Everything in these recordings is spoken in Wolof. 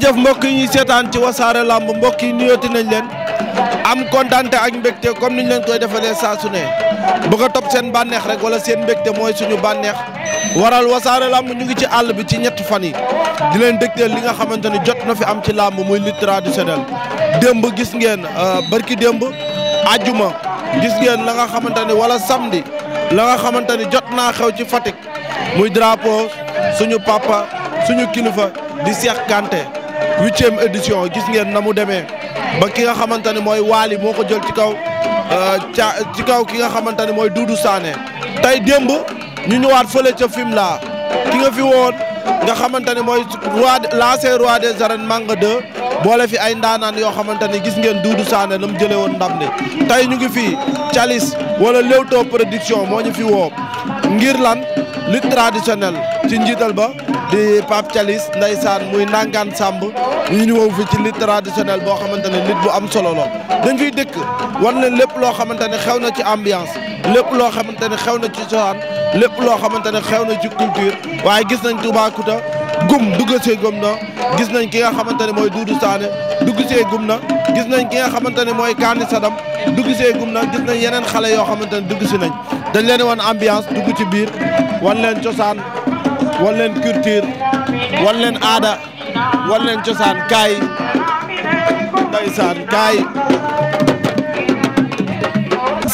jërëjëf mbokk yi ñuy seetaan ci wasaare làmb mbokk yi nuyooti nañ leen am kontante ak mbégte kon niñu leen koy defalee saa su ne bëgg a topp seen bànneex rek wala seen mbégte mooy suñu bànneex waral wasaare làmb ñu ngi ci àll bi ci ñetti fan yi di leen dégteel li nga xamante ni jot na fi am ci làmb muy lutte traditionnelle démb gis ngeen euh, barki démb ajjuma gis ngeen la nga xamante ni wala samedi la nga xamante ni jot naa xew ci Fatick muy drapo suñu papa suñu kilifa di Cheikh Kanté huitième édition gis ngeen na mu demee ba ki nga xamante ne mooy Waly moo ko jël ci kaw euh, ca ci kaw ki nga xamante ne mooy Doudou Sané tey démb ñu ñëwaat fële ca Fimela ki nga fi woon nga xamante ne mooy roi l'ancien roi des arènes Manga 2 boole fi ay ndaanaan yoo xamante ne gis ngeen Doudou Sané la mu jëlee woon ndam ne tey ñu ngi fii Thialis wala Leewtoo production moo ñu fi woo ngir lan lutte traditionnelle ci njiital ba di Pape Thialis ndeysaan muy nangaan Samb yi ñu wow fi ci lutte traditionnelle boo xamante ne nit bu am solo la dañ fiy dëkk wan na lépp loo xamante ne xew na ci ambiance lépp loo xamante ne xew na ci cosaan lépp loo xamante ne xew na ci culture waaye gis nañ Toubacouta gum dugg see gum na gis nañ ki nga xamante ne mooy Doudou Sané dugg see gum na gis nañ ki nga xamante ne mooy Kani Sadam dugg see gum na gis nañ yeneen xale yoo xamante ne dugg si nañ dañ leen wan ambiance dugg ci biir wan leen cosaan wan leen culture wan leen aada wan leen cosaan kaay ndeysaan kay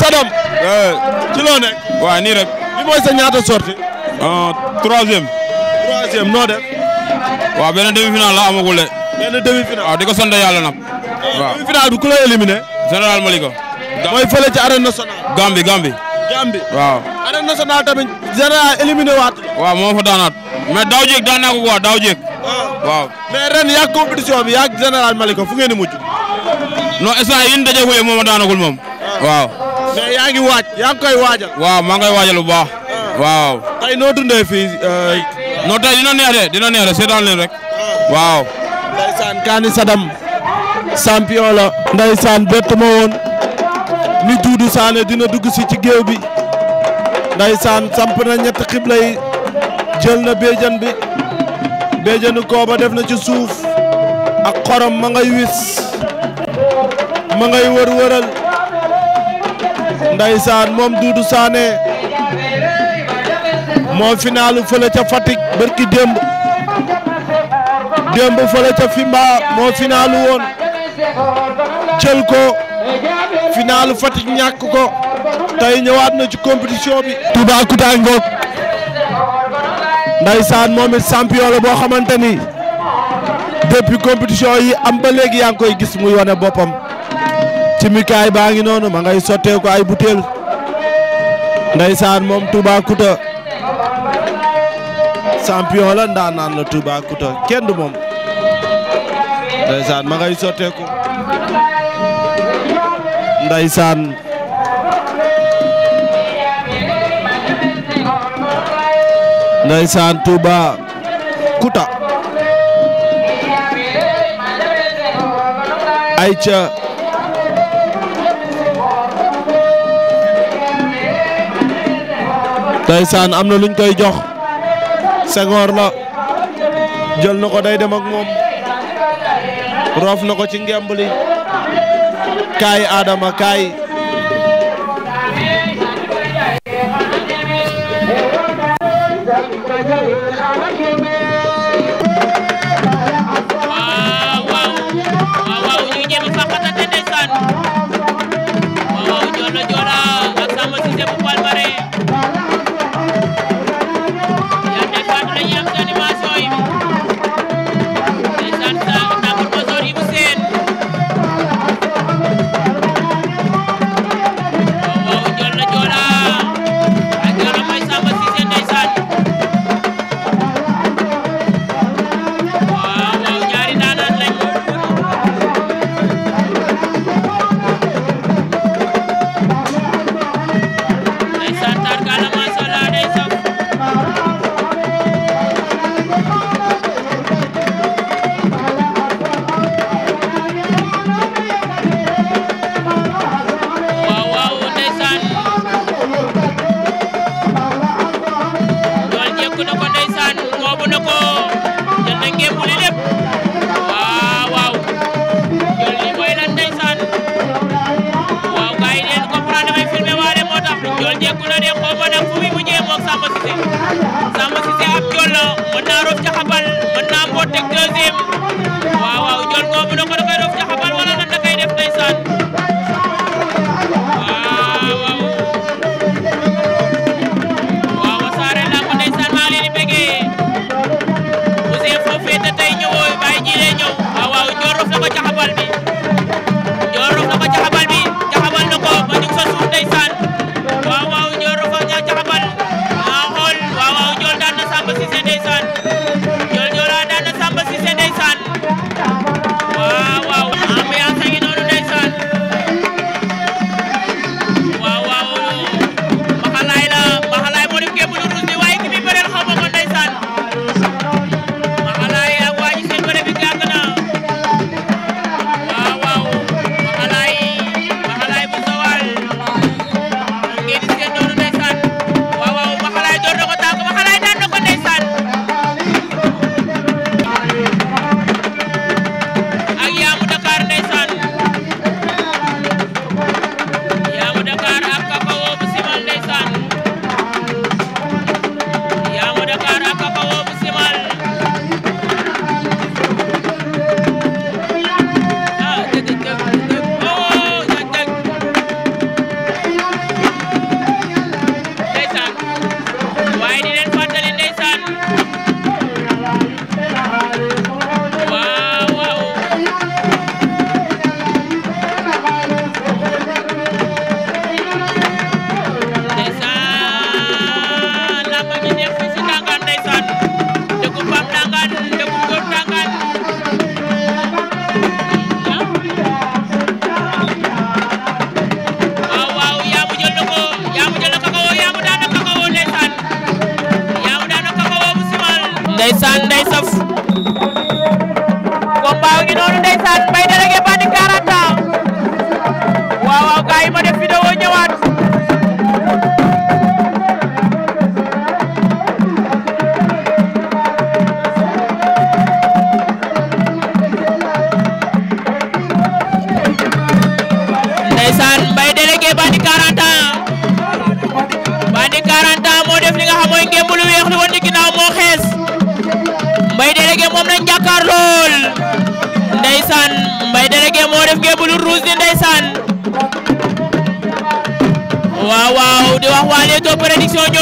Sadam eh. ci loo nekk nii rek bi mooy sa ñaata sorti ah, troisième troisième noo def waaw benn demi-finale la amagul de benn demi-finale waaw di ko sant yàlla nag waaw demi-finale bi ku la éliminé général Malika mooy fële ci arène nationale Gambie Gambie. waaw. arène a tamit général fa daanaat mais daaw jéeg daan ko quoi daaw jéeg. waaw mais ren yaag compétition bi yaag général Malika fu ngeen di mujj. non instant yii ñu dajeeku moom a daanagul moom. Ah. waaw. mais yaa ngi waaj yaa ngi koy waajal. waaw maa ngi waajal bu ah. waaw. tey noo dundee fii. Euh, non tey dina neex dina neex de leen rek. Ah. waaw. ndeysaan Kani Sadam champion la. ndeysaan bett ma woon. ni Doudou Sané dina dugg si ci géew bi ndeysaan samp na ñetti xibla yi jël na béjjën bi béjjënu kooba def na ci suuf ak xorom ma ngay wis ma ngay wër-wëral ndeysaan moom Doudou Sané moo finaalu fële ca Fatick barki démb démb fële ca Fimba moo finaalu woon jël ko. finalu Fatick ñàkk ko tey ñëwaat na ci compétition bi. Toubacouta Ngok ndaysaan moom it champion la boo xamante ni depuis yi am ba léegi yaa ngi koy gis muy wane boppam ci mikaay baa ngi noonu ma ngay sottee ko ay butéel ndaysaan moom Toubacouta champion la ndaanaan la Toubacouta kenn du moom ma ngay sottee ndeysaan ndeysaan Touba Kouta ayca ndeysaan am na luñ koy jox Senghor la jël na ko day dem ak moom roof na ko ci ngemb li kaay Adama kaay.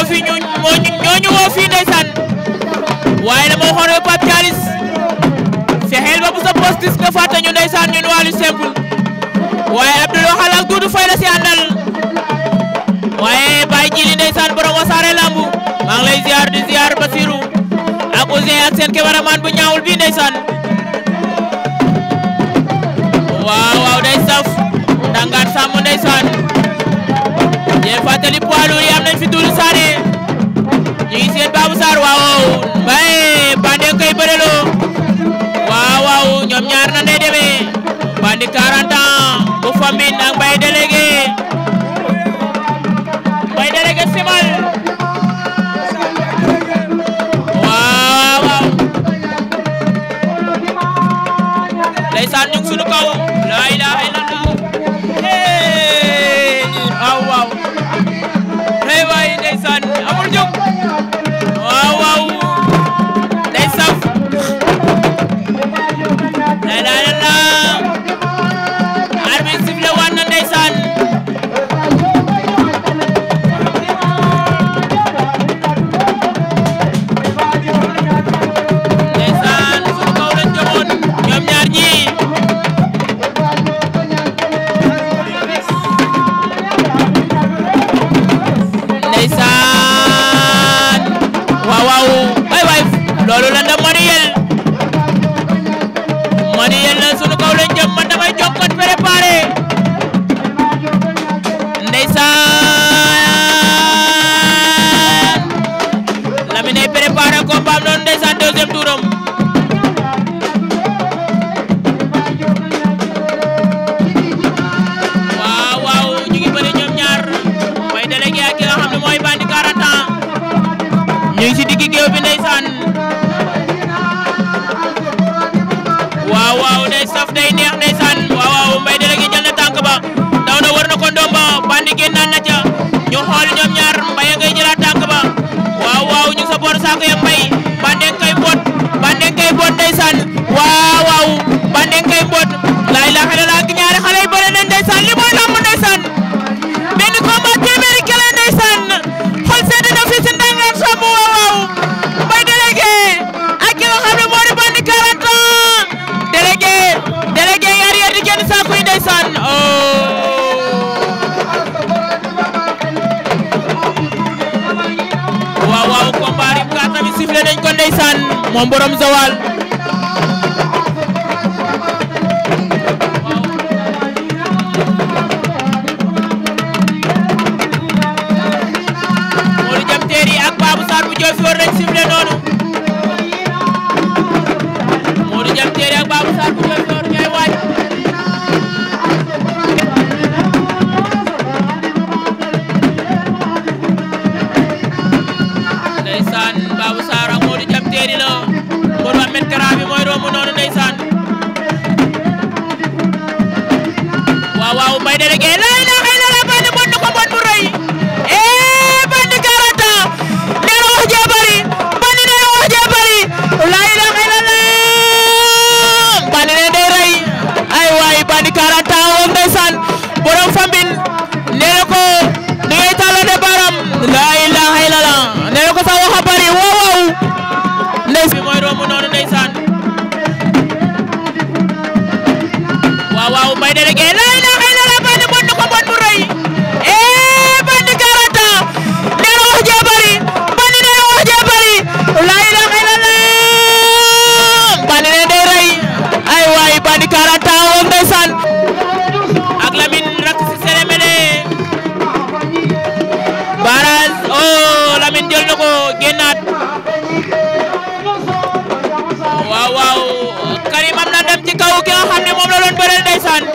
moo fi ñu moo woo fii ndeysaan waaye dama waxoon ne Pape Thialis fexeel ba bu sa poste nga fàtte ndeysaan ñun waa lu simple waaye Abdoul waxal ak Doudou Faye si àndal waaye Baye Jili ndeysaan borom Wassare Lamb maa ngi lay ziar di ak Ouzin ak seen cameraman bu ñaawul bii ndeysaan waaw day saf ndangaan sàmm ndeysaan ñu ngi seen Babou Sarr waaw bay Bandé koy ñoom ñaar nan lay demee Bandé bu famille ak Mbaye délégué yaakaar ak taawam ndeysaan borom famille nee na ko da ngay tàllale baram laa ilaaha illallah nee na ko a bari waaw waaw ndeysaan mooy romb noonu ndeysaan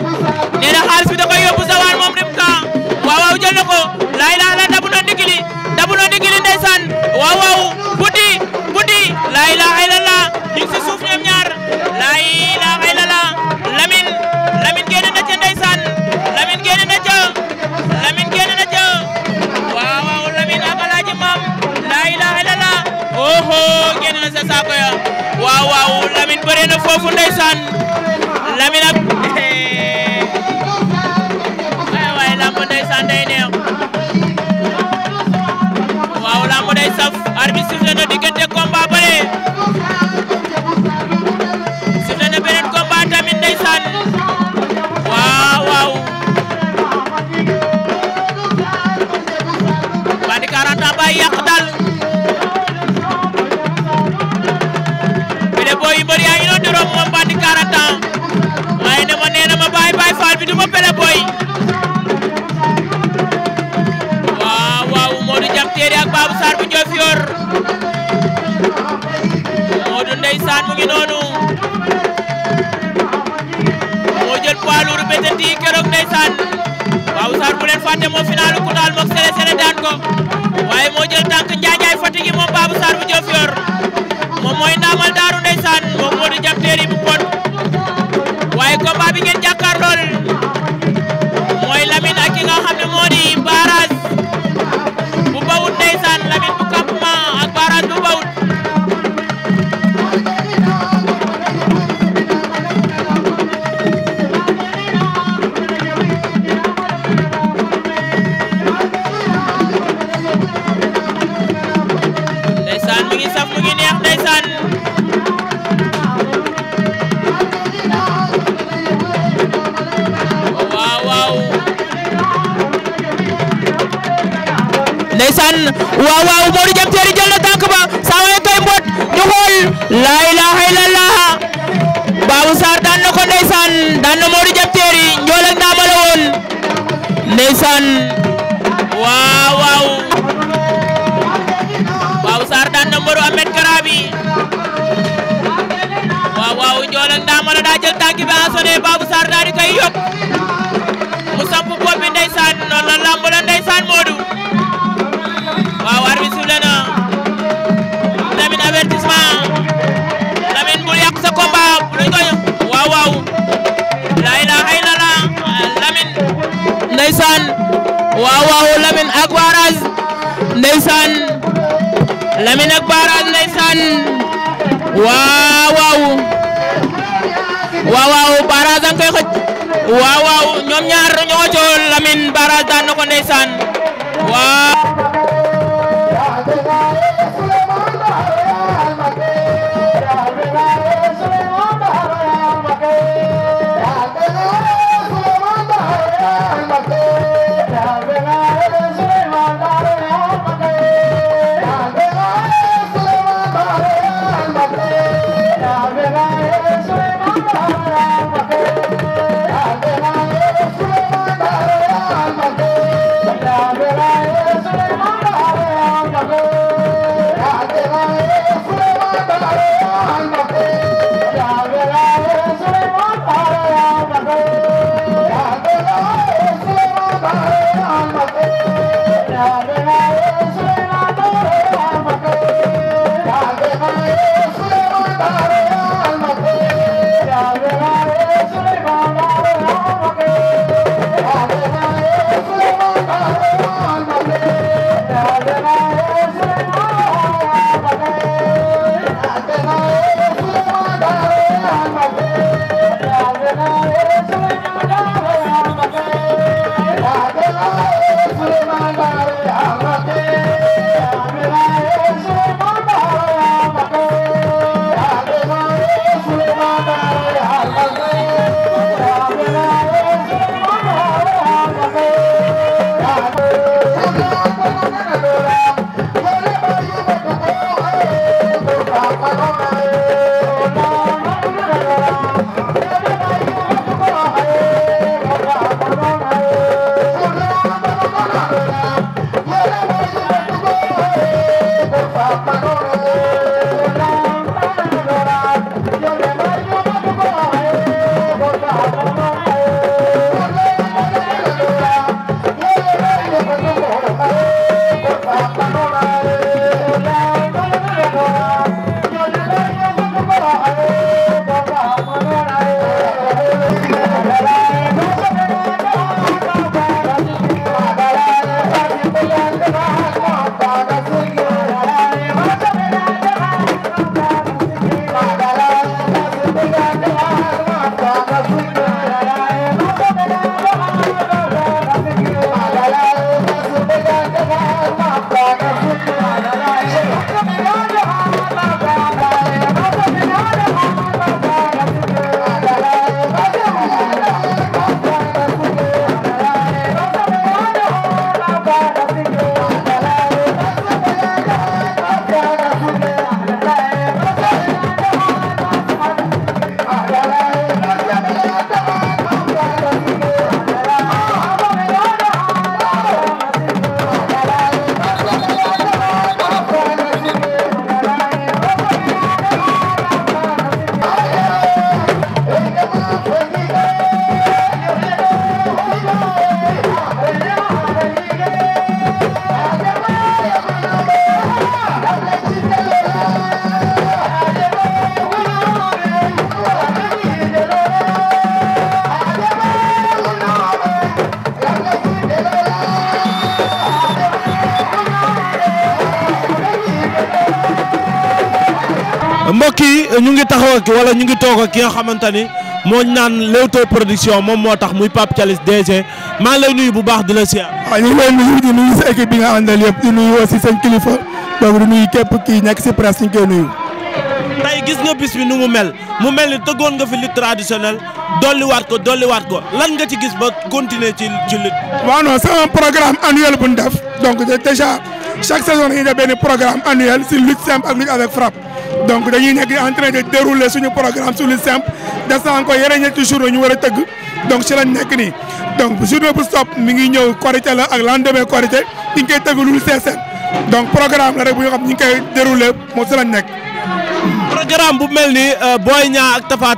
Ndiaye Fate moo final ku daal moog Sélé Sélé daan ko waaye moo jël tànk Ndiaye Fatick yi moom Babou Sarr bu Diofior Lamine ak Baara ndeysaan waaw waaw waaw waaw Baara da koy xëcc waaw waaw ñoom ñaar ñoo jool Lamine Baara daan na ko ndeysaan waaw kii yi euh, ñu ngi taxaw ak wala ñu ngi toog ak ki nga xamante ni moo naan Leewtoo production moom moo tax muy Pape Thialis DG maa lay nuyu bu baax di la siyaar. waaw ñu nuyu di nuyu sa équipe bi nga àndal yëpp di nuyu aussi seen kilifa donc di nuyu képp kii nekk si presse ñu koy nuyu. tey gis nga bis bi nu mu mel mu mel ni tëggoon nga fi lutte traditionnelle waat ko dolliwaat ko lan nga ci gis ba continuer ci ci lutte. waaw non c'est un programme annuel bu ñu def donc déjà donc dañuy nekk en train de dérouler suñu programme sur le simple des na yeneen ñetti journaux ñu war a tëgg donc ci lañ nekk nii donc journée bu stop mi ngi ñëw Korité la ak lendemain Korité ñu ngi koy tëgg lu seeseen donc programme la rek bu ñu xam ñu ngi koy dérouler moo ci lañ nekk. programme bu mel ni euh, Boy ñaa ak Tapha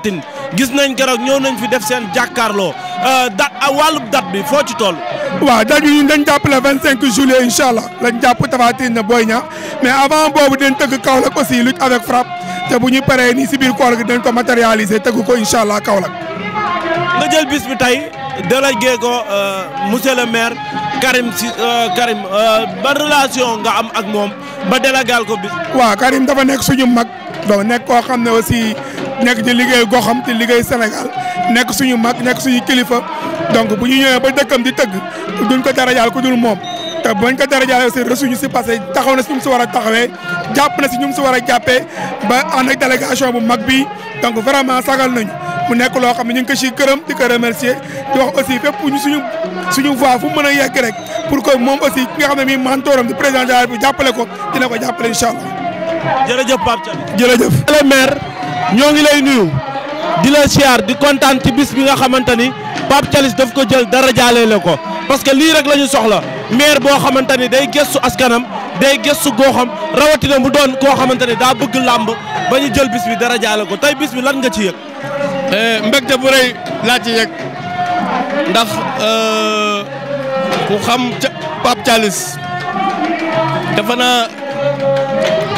gis nañ keroog ñëw nañ fi def seen jàkkaarloo euh, date wàllub date bi foo ci tool waa date ñu ñun dañ jàpp le 25 juillet incha allah lañ jàpp Tapha Tine Boy Niang mais avant boobu dinañ tëgg Kaolack aussi lutte avec frappe te bu ñu paree nii si biir koor gi dañ ko matérialiser tëgg ko incha allah Kaolack. nga jël bis bi tey délégué ko euh, monsieur le maire Karim si euh, Karim euh, ban relation nga am ak moom ba délégal ko bis. waaw Karim dafa nekk suñu mag donc nekk koo xam ne aussi nekk di liggéey goxam di liggéey Sénégal nekk suñu mag nekk suñu kilifa donc bu ñu ñëwee ba dëkkam di tëgg duñ ko dara yàlla ku dul moom. te bañ ko darajaale aussi resuñu si parce que taxaw na si ñu si war a taxawee jàpp na si ñu si war a jàppee ba ànd ak délégation bu mag bi donc vraiment sagal nañu mu nekk loo xam ne ñu ngi ko si gërëm di ko remercier di wax aussi fépp ñu suñu suñu voix fu mën a yegg rek pour que moom aussi ki nga xam ne mii mantooram di président de la République jàppale ko dina ko jàppale incha allah. jërëjëf Pape Thiam. jërëjëf. le maire ñoo ngi lay nuyu di la siyaar di kontaan ci bis bi nga xamante ni Pape Thialis daf ko jël dara jaale la ko parce que lii rek la ñu soxla maire boo xamante ni day gëstu askanam day gëstu goxam rawatina mu doon koo xamante ne daa bëgg làmb ba ñu jël bis bi dara jaale ko tey bis bi lan nga ci yëg. Eh, mbégte bu rëy laa ci yëg ndax eh, ku xam ca Pape Thialis dafa naa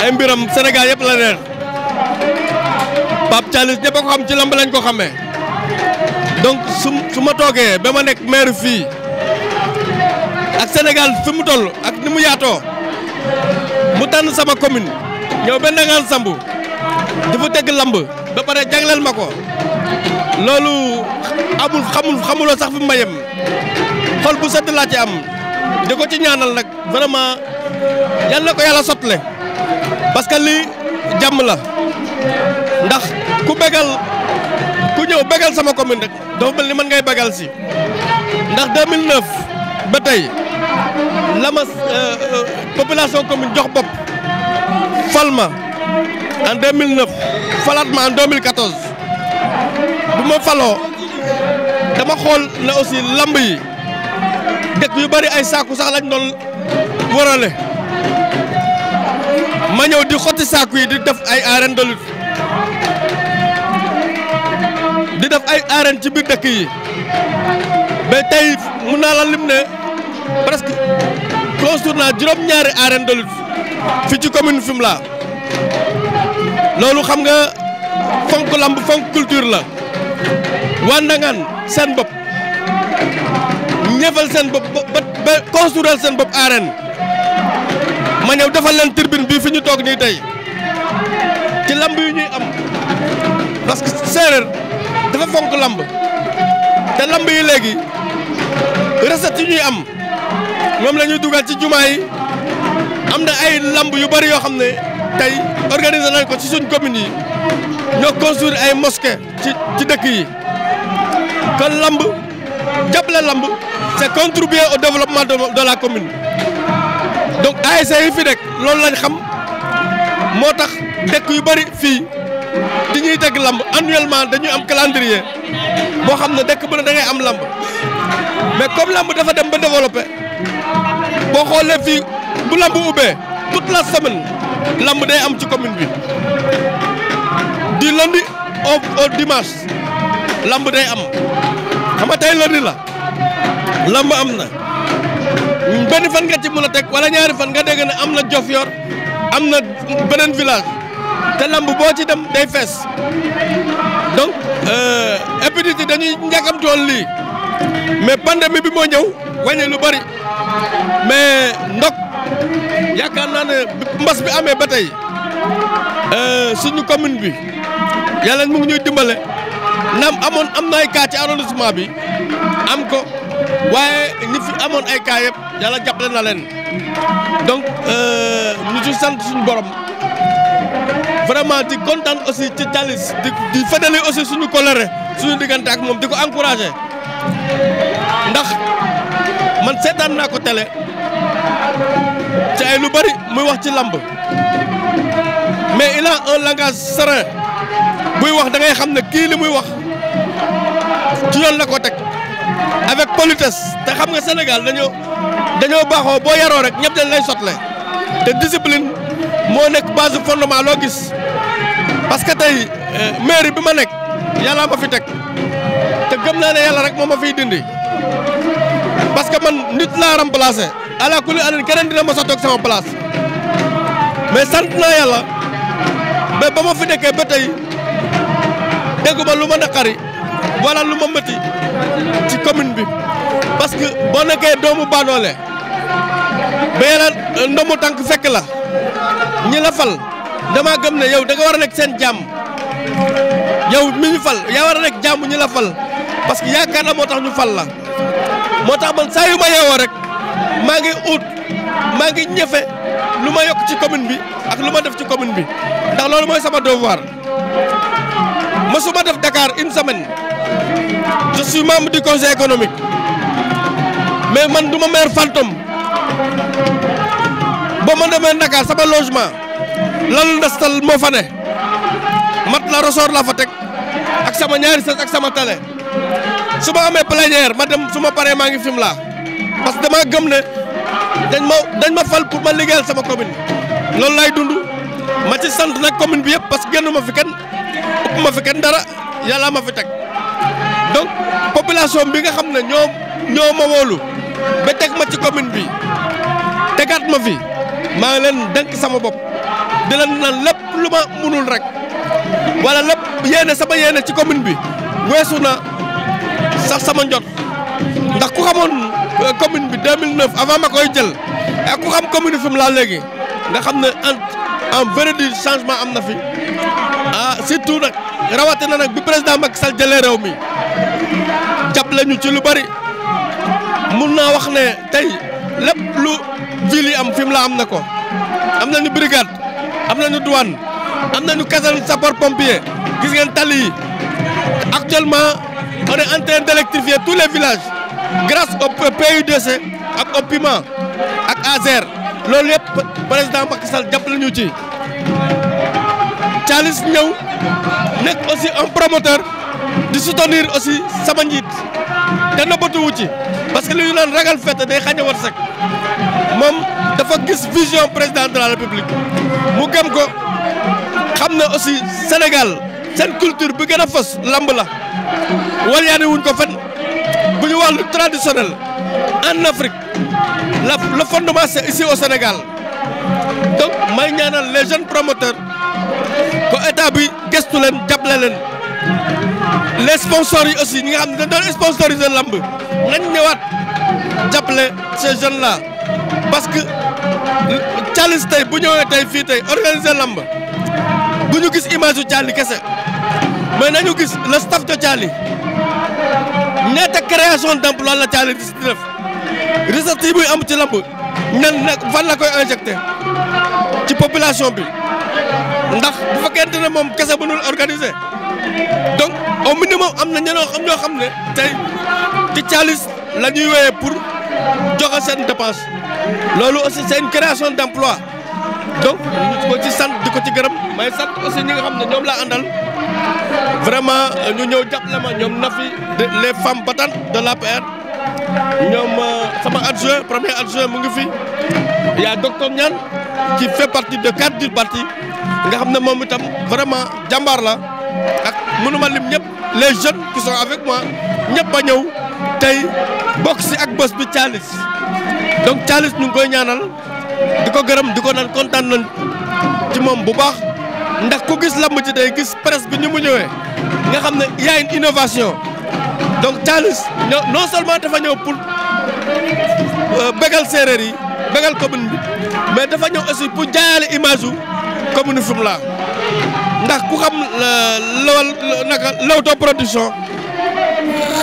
ay mbiram Sénégal yëpp la leer Pape Thialis ñëpp a ko xam ci lamb lañ ko xame donc su su ma toogee ba ma nekk maire fii. ak Sénégal fi mu toll ak ni mu yaatoo mu tànn sama commune ñëw ba Ndangaan Samb di fa tëgg lamb ba pare jagleel ma ko loolu amul xamul xamuloo sax fi mu xol bu sedd laa ci am di ko ci ñaanal nag vraiment yal na ko yàlla sotle parce que lii jàmm la ndax ku bégal ku ñëw bégal sama commune rek dafa mel ni man ngay bégal si ndax 2009. ba tey la ma euh, euh, population commune jox bopp fal ma en 2009 falaat ma en 2014 bu ma faloo dama xool ne aussi lamb yi dëkk yu bari ay saaku sax lañ doon warale ma ñëw di xotti saaku yi di def ay arène de lutte di def ay arène ci biir dëkk yi mais tey mun naa la lim ne presque construire naa juróom-ñaari arène de lutte fi ci commune Fimela loolu xam nga fonk lamb fonk culture la wàndangaan seen bopp ñëfal seen bopp ba ba construire seen bopp arène ma ñëw defal leen tirbine bii fi ñu toog nii tey ci lamb yi ñuy am parce que séeréer dafa fonk lamb te lamb yi léegi. recette yi ñuy am moom lañuy ñuy dugal ci jumaa yi am na ay lamb yu bari yoo xam ne tey organiser nañu ko ci suñu communes yi ñoo construire ay mosquée ci ci dëkk yi kon lamb jàppale lamb c'est contribuer au développement de la commune donc ASC yi fi nekk loolu lañ xam moo tax dëkk yu bari fii teg lamb annuellement dañuy am calendrier boo xam ne dëkk bu ne am lamb mais comme lamb dafa dem ba développé boo xoolee fii semaine lamb day am ci commune bi di lundi au au dimanche lamb day am xam nga la lamb am na benn fan nga ci mën a teg wala ñaari fan nga dégg ne am na Diofior am na beneen village. te lamb boo ci dem day fees donc euh, épidémie dañuy njàkkamtoon lii mais pandémie bi moo ñëw wàññi lu bari mais ndok yaakaar naa ne mbas bi amee ba tey euh, suñu commune bi yàlla mu ngi ñuy dimbale naam amoon am na ay cas ci arrondissement bi am ko waaye ñi fi amoon ay cas yëpp yàlla jàppale na leen donc euh, ñu ci sant suñu borom. vraiment di kontaan aussi ci Thialis di di fëddali aussi suñu colère suñu diggante ak moom di ko encouragé ndax man seetaan naa ko tele ci ay lu bari muy wax ci làmp mais il a un langage serein buy wax da ngay xam ne kii li muy wax ci yoon la ko teg avec politesse te xam nga Sénégal dañoo dañoo baaxoo boo yaroo rek ñëpp dañ lay sotle te discipline. moo nekk base fondement loo gis parce que tey euh, mairie bi ma nekk yàlla ma fi teg te gëm naa ne yàlla rek moo ma fiy dindi parce que man nit laa remplacé ala kulli alin keneen dina mos a toog sama place mais sant naa yàlla mais ba ma fi nekkee ba tey dégguma lu ma naqari wala lu ma mëti ci commune bi parce que boo nekkee doomu baanoole ba yàlla ndomu tànk fekk la ñi la fal damaa gëm ne yow da nga war a nekk seen jàmm yow mi ñu fal yaa war a nekk jàmm ñi la fal parce que yaakaar la moo tax ñu fal la moo tax man saa yu ma yeewoo rek maa ngi ut maa ngi ñëfe lu ma yokk ci commune bi ak lu ma def ci commune bi ndax loolu mooy sama devoir mësuma def dakaar une semaine je suis membre du mais man du ma maire fantôme boo ma demee Dakar sama logement lalu ndastal moo fa ne mat la ressort la fa teg ak sama ñaari sës ak sama télé su ma amee plénière ma dem suma paree maa ngi film laa parce que damaa gëm ne dañ ma dañ ma fal pour ma liggéeyal sama commune loolu laay dund ma ci sant nag commune bi yëpp parce que génn ma fi kenn ma fi kenn dara yàlla ma fi teg donc population bi nga xam ne ñoo ñoo ma wóolu ba teg ma ci commune bi tegaat ma fi. maa ngi leen denk sama bopp di leen naan lépp lu ma mënul rek wala lépp yéene sama yéene ci commune bi weesu na sax sama njot ndax ku xamoon euh, commune bi 2009 avant ma koy jël ak ku xam commune fi mu laa léegi nga xam ne en en vrai du changement am na fi ah surtout nag rawatina nag bi président Macky Sall jëlee réew mi jàppale lañu ci lu bari mun naa wax ne tey lépp lu ville yi am fi la am na ko am nañu brigade am nañu douane am nañu caserne sapeur pompier gis ngeen tali yi actuellement on est en train d'électrifier tous les villages grâce au PUDC ak au ak ASER loolu yëpp président Macky Sall jàpp nañu ci Thialis ñëw nekk aussi en promoteur di sutonir aussi sama njiit te nëbbatuwu ci parce que li ñu naan ragal fete day xañ a moom dafa gis vision président de la république mu gëm ko xam na aussi Sénégal seen culture bi gën a fës lamb la walyaane wuñ ko fen bu ñu wàllu traditionnel en Afrique la le fondement c'est ici au Sénégal donc may ñaanal les jeunes promoteurs ko état bi gestu leen jàppale leen les sponsors yi aussi ñi nga xam ne dañ doon sponsoriser lamb nañ ñëwaat jàppale ces jeunes là. parce que Thialis tey bu ñëwee tey fii tey organiser lamb du ñu gis image yu kese mais nañu gis le staff de Thialis ñaata création d'emploi la Thialis di si def recette yi am ci lamb nan nag fan la koy injecté ci population bi ndax bu fekkente ne moom kese mënul organiser donc au am na ñenoo xam ñoo xam ne tey ci Thialis la ñuy pour. joxe seen dépense loolu aussi c'est une création d'emploi donc ñu ko ci sant di ko ci gërëm may sant aussi ñi nga xam ne ñoom laa àndal vraiment ñu ñëw jàppale ma ñoom Nafi les femmes battantes de l'APR ñoom euh, sama adjoint premier adjoint mu ngi fi y a docteur ci qui fait partie de cadre du parti nga xam ne moom itam vraiment jàmbaar la ak mënuma lim ñëpp les jeunes qui sont avec moi ñëpp a ñëw. tey bokk si ak bés bi Thialis donc Thialis ñu ngi koy ñaanal di ko gërëm di ko naan kontaan nañ ci moom bu baax ndax ku gis lamb ci day gis presse bi ni mu ñëwee nga xam ne y a innovation donc Thialis non seulement dafa ñëw pour euh, bégal séeréer yi bégal commune bi mais dafa ñëw aussi pour jaayaale image yu commune Fimela ndax ku xam euh, lawal naka Leewtoo production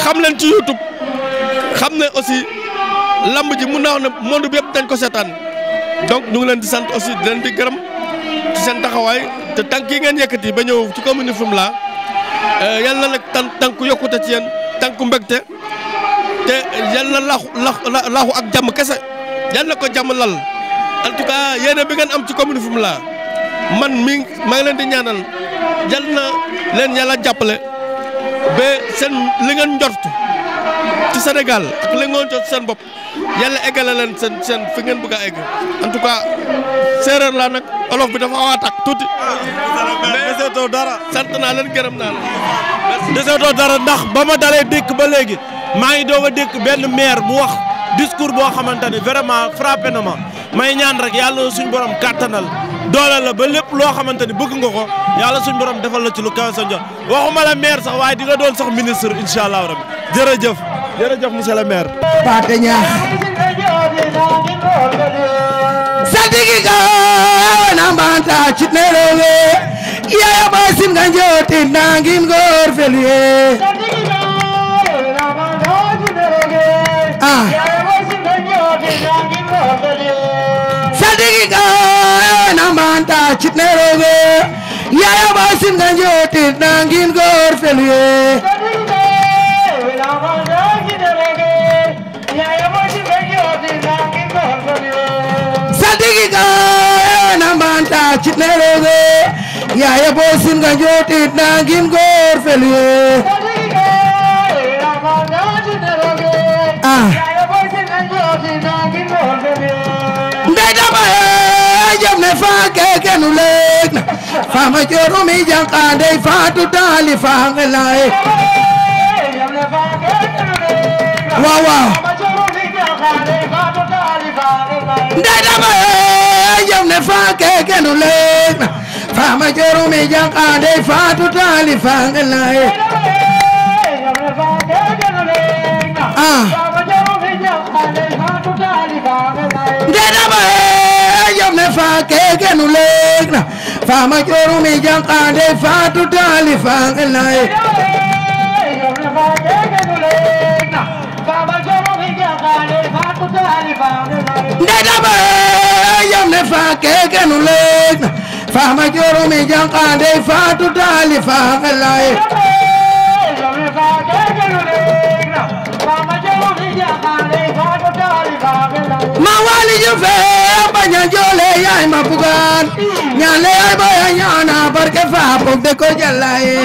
xam leen ci YouTube xam ne aussi lamb ji mu naa wax ne monde bi yëpp dañ ko seetaan donc ñu ngi leen di sant aussi di leen di gërëm ci seen taxawaay te tànk yi ngeen yëkkati ba ñëw ci commune laa eh, yal na nag tan tànku yokkute ci yéen tànku mbégte te yal na laaxu laaxu ak jàmm kese yal na ko jàmm lal en tout bi ngeen am ci commune Fimela man mi maa ngi leen di ñaanal yal na leen yàlla jàppale. ba seen li ngeen njort ci Sénégal ak li ngeen njort seen bopp yàlla eggale leen seen seen fi ngeen bëgg a egg en tout cas séeréer laa nag olof bi dafa awa tak tuuti. mais deseetoo dara sant naa leen gërëm naa leen. deseetoo dara ndax ba ma dalee dékk ba léegi maa ngi doog ma dékk benn maire bu wax discours boo xamante ne vraiment frappé na ma may ñaan rek yàlla suñu borom kàttanal. dooleel la ba lépp loo xamante ni bëgg nga ko yàlla suñu borom defal la ci lu kawe waxuma la maire sax waaye di nga doon sax ministre incha allah rabbi jërëjëf jërëjëf monsieur le maire. Pathé Niang. sadiki ka nambanta citnelowe yaya basim ga njoti nangim gor felue ah sadiki ka manta cit ne roge yaya ba sim ganjo tit nangin gor feluye sadiki ga na manta cit ne roge yaya ba sim ganjo tit nangin gor feluye ah keke nu leeg na dama ee jam ne faa keke nu leeg na faama joorumiy janqaandey faatu daali faanga laay ah ndey dama ee ne faa kee genu leeg na faa ma joorumi janqaande faa tutaali faa ngel na ye nde daba yam ne faa kee genu leeg na faa ma joorumi janqaande faa tutaali faa ngel na ye ma wali ju fee baña joole yaay ma bugaan ñaan le yaay ñaana barke faa de ko jalla ye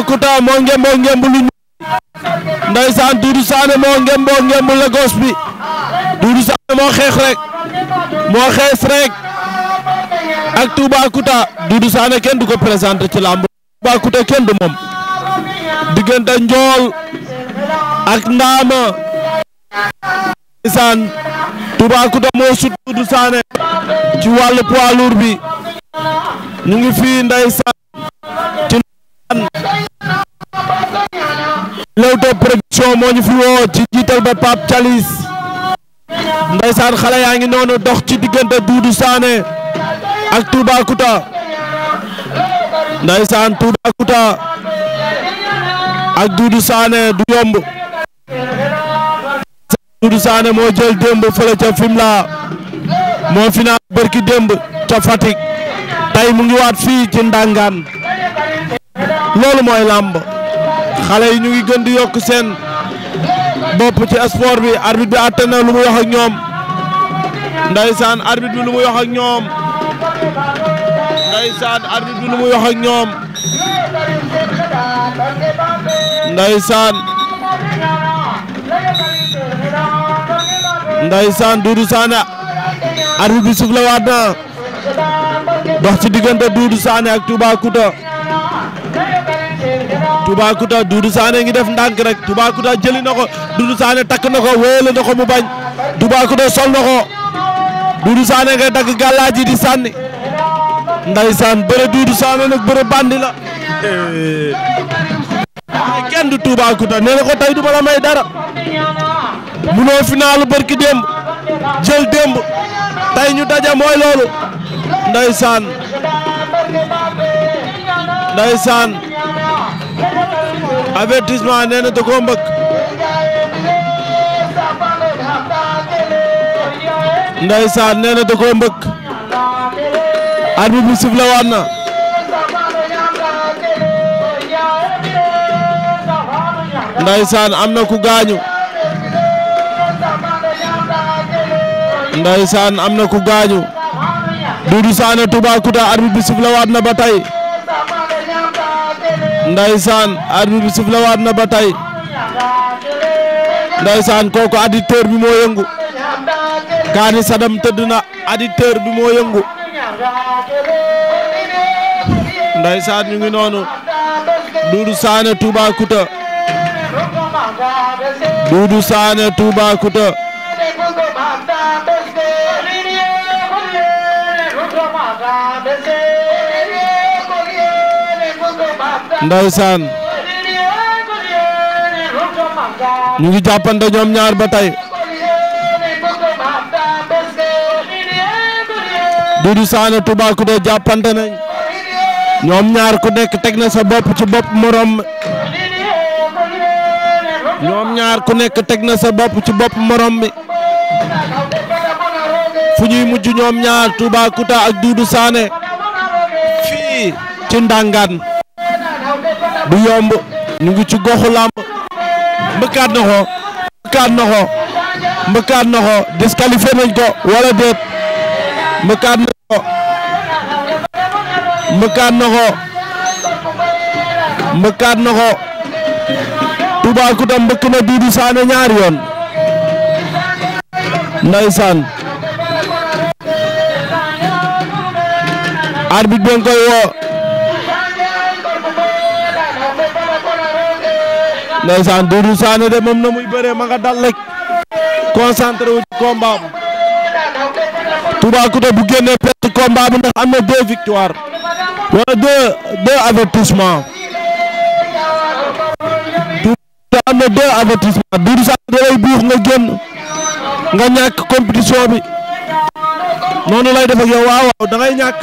Toubacouta moo ngemboo ngemb lu ñu ndeysaan Doudou Sané moo ngemboo ngemb Lagos bi Doudou Sané moo xeex rek moo xees rek ak Toubacouta Doudou Sané kenn du ko présenté ci làmb Toubacouta kenn du moom diggante njool ak ndaama ndeysaan moo sut Doudou Sané ci wàllu poids bi ñu ngi fii ndeysaan Leewtoo production moo ñu fi woo ci jiital ba Pape Thialis ndeysaan xale yaa ngi noonu dox ci diggante Doudou Sané ak Toubacouta ndeysaan Toubacouta ak Doudou Sané du yomb Doudou Sané moo jël démb fële ca Fimela moo final bërki démb ca Fatick tey mu ngi waat fii ci Ndangaan loolu mooy làmb xale yi ñu ngi gën di yokk seen bopp ci sport bi arbitre bi àtte na lu muy yox ak ñoom ndaysaan arbitre bi lu muy wax ak ñoom ndaysaan arbitre bi lu muy wax ak ñoom ndaysaan ndaysaan Doudou Sané arbitre bi suuf waat na dox ci diggante Doudou Sané ak Toubacouta Toubacouta Doudou Sané ngi def ndànk rek Toubacouta jëli na ko Doudou Sané takk na ko wéyale na ko mu bañ Toubacouta sol na ko Doudou Sané ngay dagg gàllaaj yi di sànni ndaysaan bëre Doudou Sané nag bëre bandi la kenn du Toubacouta nee ko tey du ma la may dara munoo finaalu barki démb jël démb tey ñu daja mooy loolu ndaysaan ndaysaan avertissement nee na da koo mbëkk ndeysaan nee na da koo mbëkk arbitre bi sifla waat na ndeysaan am na ku gaañu ndeysaan am na ku gaañu Doudou Sané Toubacouta arbitre bi sifla waat na ba tey Ndeysaan arbitre bi sifflé waat na ba tey Ndeysaan kooku additeur bi moo yëngu Kaani Sadam tëdd na additeur bi moo yëngu Ndeysaan ñu ngi noonu Doudou Sané Toubacouta Doudou Sané Toubacouta ndeysaan ñu ngi jàppante ñoom ñaar ba tey Doudou Sané Toubacouta jàppante nañ ñoom ñaar ku nekk teg na sa bopp ci bopp morom ñoom ñaar ku nekk teg sa bopp ci bopp morom bi fu ñuy mujj ñoom ñaar Toubacouta ak Doudou Sané fii ci Ndangaan du yomb ñu ngi ci goxu làmb mbëkkaat na ko mbëkkaat na ko mbëkkaat na ko wala déet mbëkkaat na ko mbëkkaat na ko mbëkkaat na mbëkk na Doudou Sané ñaari yoon ndeysaan arbitre bi nga koy woo ndeysaan Doudou Sané de moom na muy bëree ma nga dal rek concentré wu ci combat bu Toubacouta bu génnee perte combat bi ndax am na deux victoires wala deux deux avertissements Toubacouta am na buux nga génn nga ñàkk compétition bi noonu lay def ak yow waaw waaw ñàkk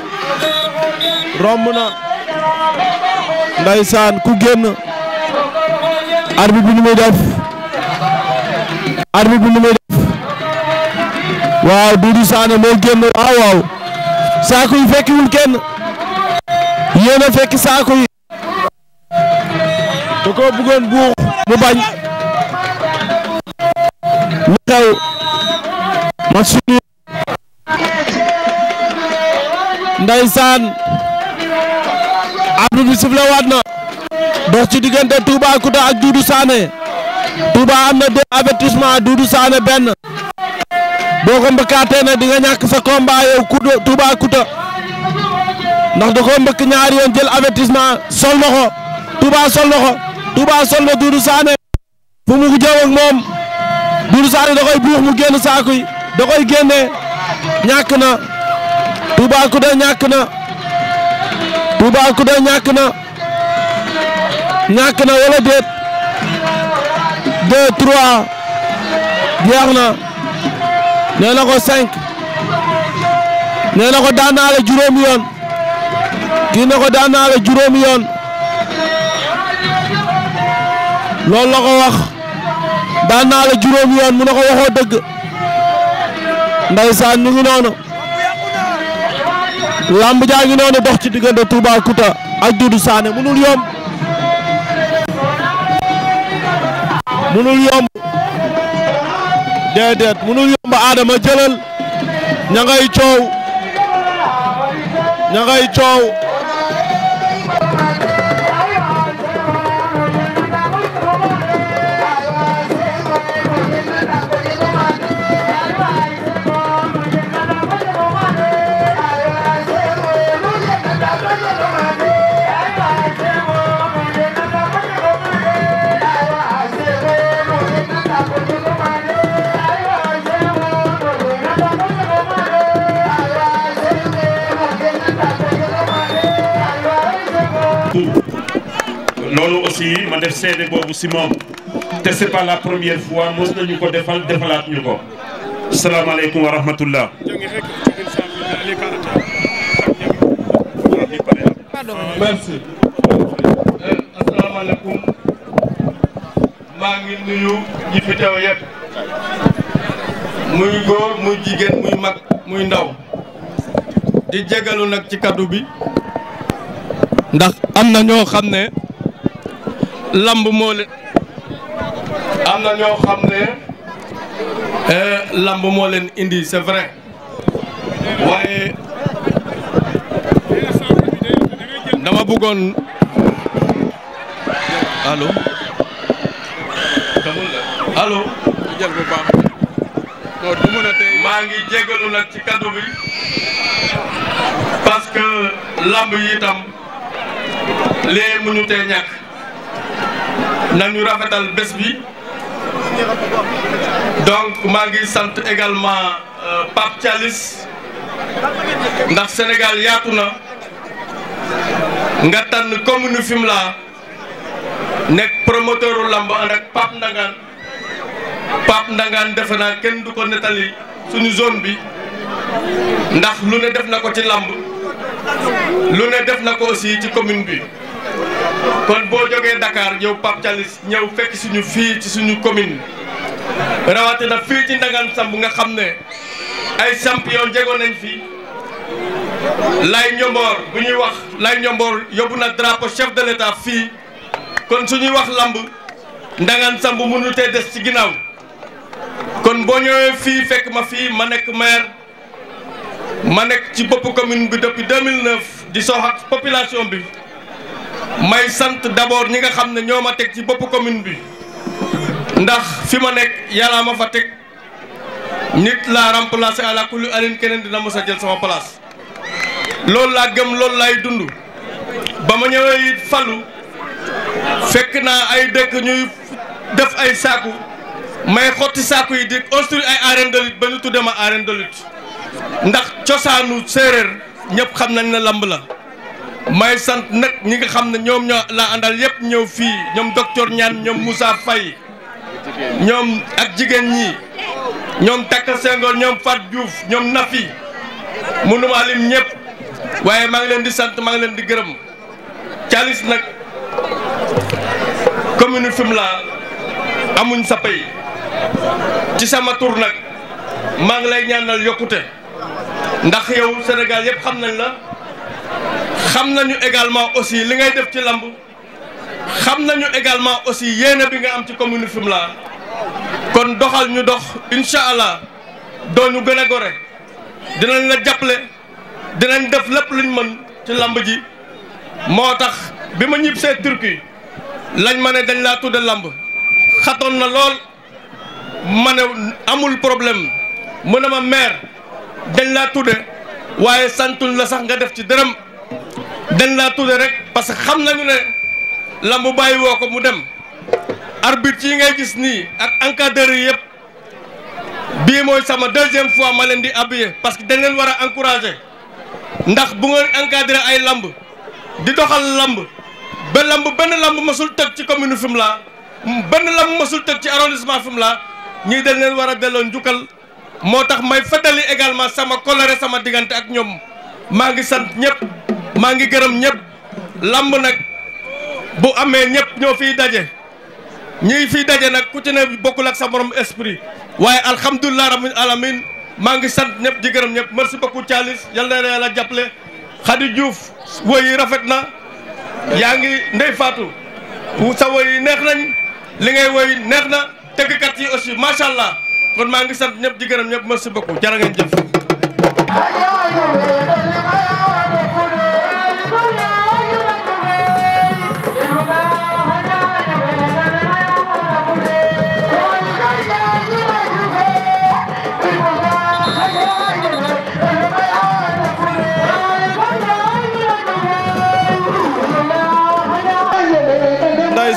romb na ndeysaan ku génn arbitre bi nu muy def arbitre bi waaw Doudou Sané moo génn waaw waaw saako yi fekkiwul kenn yéen fekk saako yi da koo bëggoon buux mu bañ lu xew ma suñu ndeysaan bi siflewaat na dox ci diggante Toubacouta ak Doudou Sané Touba am na deux avertissement Doudou Sané benn boo ko mbëkkaatee nag di ñàkk sa combat yow Toubacouta ndax da koo mbëkk ñaari yoon jël avertissement sol na ko Touba sol na ko Touba sol na fu mu jëw moom Doudou Sané da buux mu génn saako yi da ñàkk na Toubacouta ñàkk na Toubacouta ñàkk na. ñàkk na wala déet 2 3 jeex na nee na ko 5 nee na ko daan naa la juróomi yoon kii na ko daan naa la juróomi yoon loolu la ko wax daan naa la juróomi yoon mu ne ko waxoo dëgg ndeysaan ñu ngi noonu lamb jaa ngi noonu dox ci diggante Toubacouta ak Doudou Sané mënul yomb. munul yomb déedéet munul yomb Adama jëlal ña ngay coow ña ngay coow loolu aussi ma def seede boobu si moom te c'est la première fois mos nañu ko defal defalaat ñu ko salaamaaleykum wa rahmatullah maa ngi nuyu ñi fi teew yëpp muy góor muy jigéen muy mag muy ndaw di jégalu nag ci kaddu bi ndax am na ñoo xam ne lamb moo leen am na ñoo xam ne euh, lamb moo leen indi c'est vrai waaye dama bëggoon allo allo jël bu baax maa ngi jégalu nag ci kaddu bi parce que lamb yi mu ñu tee ñàkk nañu rafetal bés bi donc maa ngi sant également euh, Pape Thialis ndax Sénégal yaatu na nga tànn commune Fimela nekk promoteuru lamb ànd ak Pape Ndangaan Pape Ndangaan defe naa kenn du ko nettali suñu zone bi ndax lu ne def na ko ci lamb lu ne def na ko aussi ci commune bi kon boo jógee Dakar ñëw Pape Thialis ñëw fekk suñu fii ci suñu commune rawatina fii ci Ndagane Samb nga xam ne ay champion jegoon nañ fii lay ñomboor bu ñuy wax lay ñomboor yóbbu na drapeau chef de l'état fii kon suñuy wax lamb Ndagane Samb nu tee des ci ginnaaw kon boo ñëwee fii fekk ma fii ma nekk maire ma nekk ci bopp commune bi depuis 2009 di soox ak population bi may sant d'abord ñi nga xam ne ñoo ma teg ci bopp commune bi ndax fi ma nekk yàlla ma fa teg nit laa remplacé à la couleur aline keneen dina mos a jël sama place loolu laa gëm loolu laay dund ba ma ñëwee it falu fekk naa ay dëkk ñuy def ay saaku may xotti saaku yi di construire ay arène de ba ñu tudde ma arène de lutte ndax cosaanu séeréer ñëpp xam nañ ne lamb la may sant nag ñi nga xam ne ñoom ñoo laa àndal yëpp ñëw fii ñoom docteur ñaan ñoom Moussa Faye ñoom ak jigéen ñi ñoom Takka Senghor ñoom Fat Diouf ñoom Nafi mënuma lim ñëpp waaye maa ngi leen di sant maa ngi leen di gërëm Thialis nag commune Fimela amuñ sa pay ci sama tur nag maa ngi lay ñaanal yokkute ndax yow Sénégal yëpp xam nañ la xam nañu également aussi li ngay def ci lamb xam nañu également aussi yéene bi nga am ci commune Fimela kon doxal ñu dox incha allah doo ñu gën a gore dinañ la jàppale dinañ def lépp luñ mën ci lamb ji moo tax bi ma ñib see lañ ma ne dañ laa tudde lamb xatoon na lool ma ne amul problème mu ne ma maire dañ laa tudde waaye santuñ la sax nga def ci dërëm dañ laa tudde rek parce que xam nañu ne lamb bàyyi woo ko mu dem arbitre yi ngay gis nii ak encadreur yi yëpp bii mooy sama deuxième fois ma leen di habillé parce que dañ leen war a encouragé ndax bu nga encadré ay lamb di doxal lamb ba lamb benn lamb masul tëg ci commune Fimela benn lamb masul tëg ci arrondissement Fimela ñii dañ leen war a delloo njukkal moo tax may fëttali également sama colère sama diggante ak ñoom maa ngi sant ñëpp maa ngi gërëm ñëpp làmb nag bu amee ñëpp ñoo fiy daje ñii fiy daje nag ku ci ne bokkul ak sa morom esprit waaye alhamdulilah rabbil alamin maa ngi sant ñëpp di gërëm ñëpp merci beaucoup Thialis yal na la jàppale Khady Diouf woy yi rafet na yaa ngi ndey faatu sa woy yi neex nañ li ngay woy neex na tëggkat yi aussi macha allah kon maa ngi sant ñëpp ji gërëm ñëpp merci beaucoup jërë ngeen jëf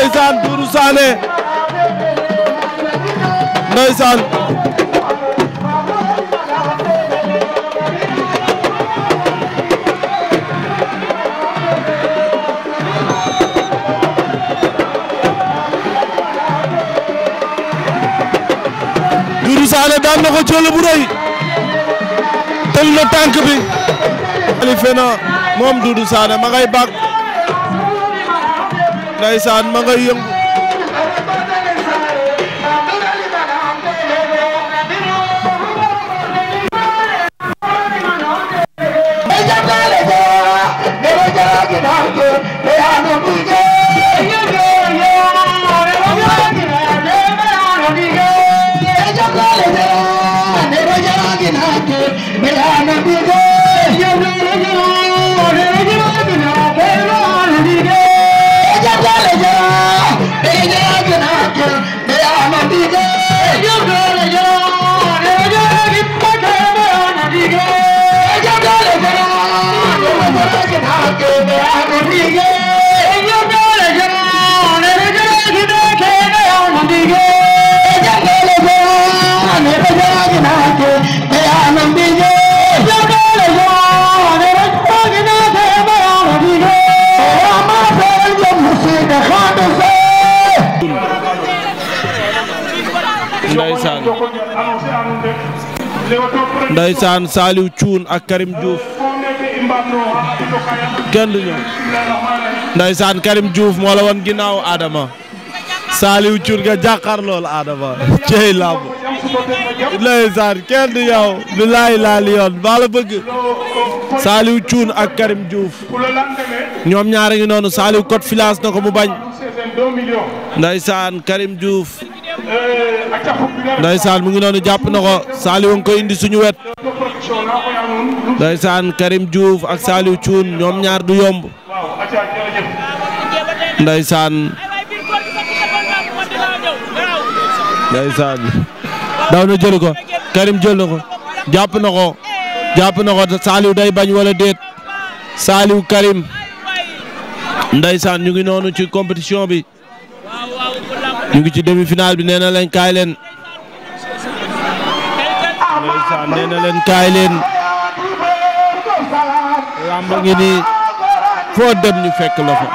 ndeysaan Doudou Sané ndeysaan Doudou Sané daan na ko bi ali moom Doudou Sané ma ngay ndeysaan ma ngay yëngu ndeysaan Saliou Thioune ak Karim Diouf kenn du ñoom ndeysaan Karim Diouf moo la woon ginnaaw Adama Saliou Thioune ga jàkkaar lool Adama cey làmb ndeysaan kenn du yow lu laay laal yoon baa la bëgg Saliou Thioune ak Karim Diouf ñoom ñaar ngi noonu Saliou code filance na ko mu bañ ndeysaan Karim Diouf ndeysaan mu ngi noonu jàpp na ko Saliou nga koy indi suñu wet ndeysaan Karim Diouf ak Saliou Thioune ñoom ñaar du yomb ndeysaan ndeysaan daw na jël ko Karim jël na ko jàpp na ko jàpp na ko Saliou day bañ wala déet Saliou Karim ndeysaan ñu ngi noonu ci compétition bi ñu ngi ci demi-finale bi nee leen kaay nee na leen kaay leen làmb ngi nii foo dem ñu fekk la fa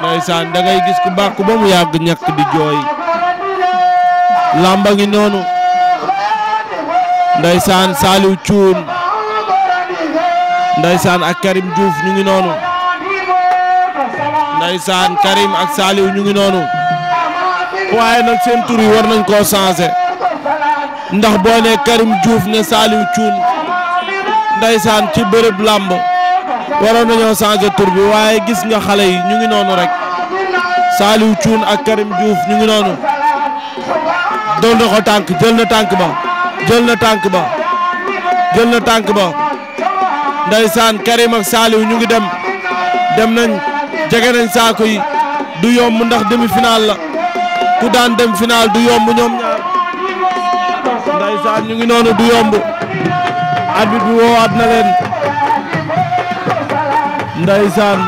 ndeysaan da gis ku bàkk ba mu yàgg ñàkk di jooy làmb ngi noonu ndeysaan Saliou Thioune ndeysaan ak Karim Diouf ñu ngi noonu ndeysaan Karim ak Saliou ñu ngi noonu waaye nag seen tur yi war nañ koo changer ndax boo ne Karim Diouf ne Saliou Thioune ndaysaan ci bërëb làmb waroon nañoo changer tur bi waaye gis nga xale yi ñu ngi noonu rek Saliou Thioune ak Karim Diouf ñu ngi noonu doon na ko tànk jël na tànk ba jël na tànk ba jël na tànk ba ndaysaan Karim ak Saliou ñu ngi dem dem nañ jege nañ saako yi du yomb ndax demi-finale la ku daan dem finale du yomb ñoom ndeysaan ñu ngi noonu di yomb arbitre bi woowaat na leen ndeysaan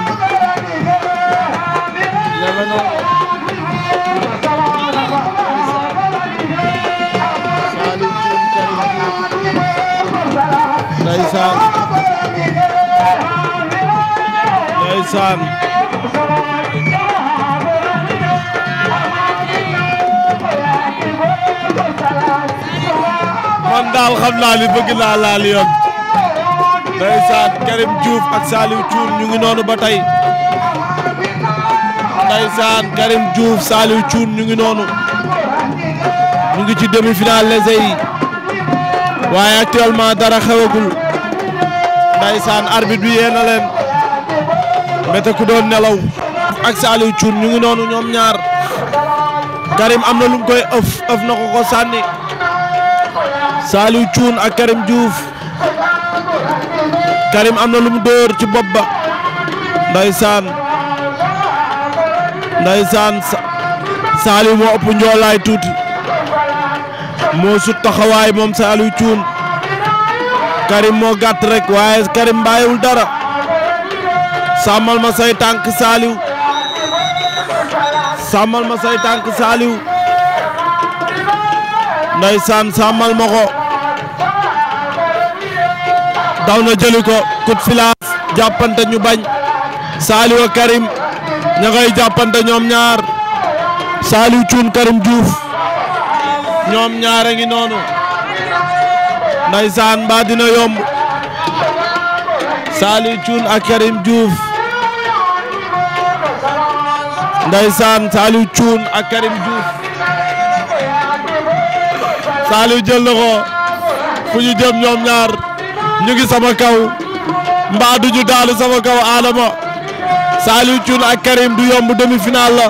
ndeysaan ndeysaan daal xam naa li bëgg naa laal yoon ndeysaan Karim Diouf ak Saliou Thioune ñu ngi noonu ba tey ndeysaan Karim ñu ngi noonu ñu ngi ci demi-finale lese yi waaye actuellement dara xewagul ndeysaan arbitre bi yee leen mbete ku doon nelaw ak Saliou Thioune ñu ngi noonu ñoom ñaar Karim am na lu mu koy ëf ëf na ko ko sànni Saliou Thioune ak Karim Diouf Karim am na lu mu dóor ci bopp ba ndeysaan ndeysaan Saliou moo ëpp njoolaay tuuti moo sut taxawaay moom Saliou Thioune Karim moo gàtt rek waaye Karim bàyyiwul dara sàmmal ma say tànk Saliou sàmmal ma say tànk Saliou ndeysaan sàmmal ma daw na jëli ko filaas jàppante ñu bañ Saliou ak Karim ña ngay jàppante ñoom ñaar Saliou Thioune Karim Diouf ñoom ñaar ngi noonu ndeysaan mbaa dina yomb Saliou Thioune ak Karim Diouf ndeysaan Saliou Thioune ak Karim Diouf Saliou jël na ko fu ñu jëm ñoom ñaar ñu ngi sama kaw mbaa du ñu daanu sama kaw Adama Saliou Thioune ak Karim du yomb demi-finale la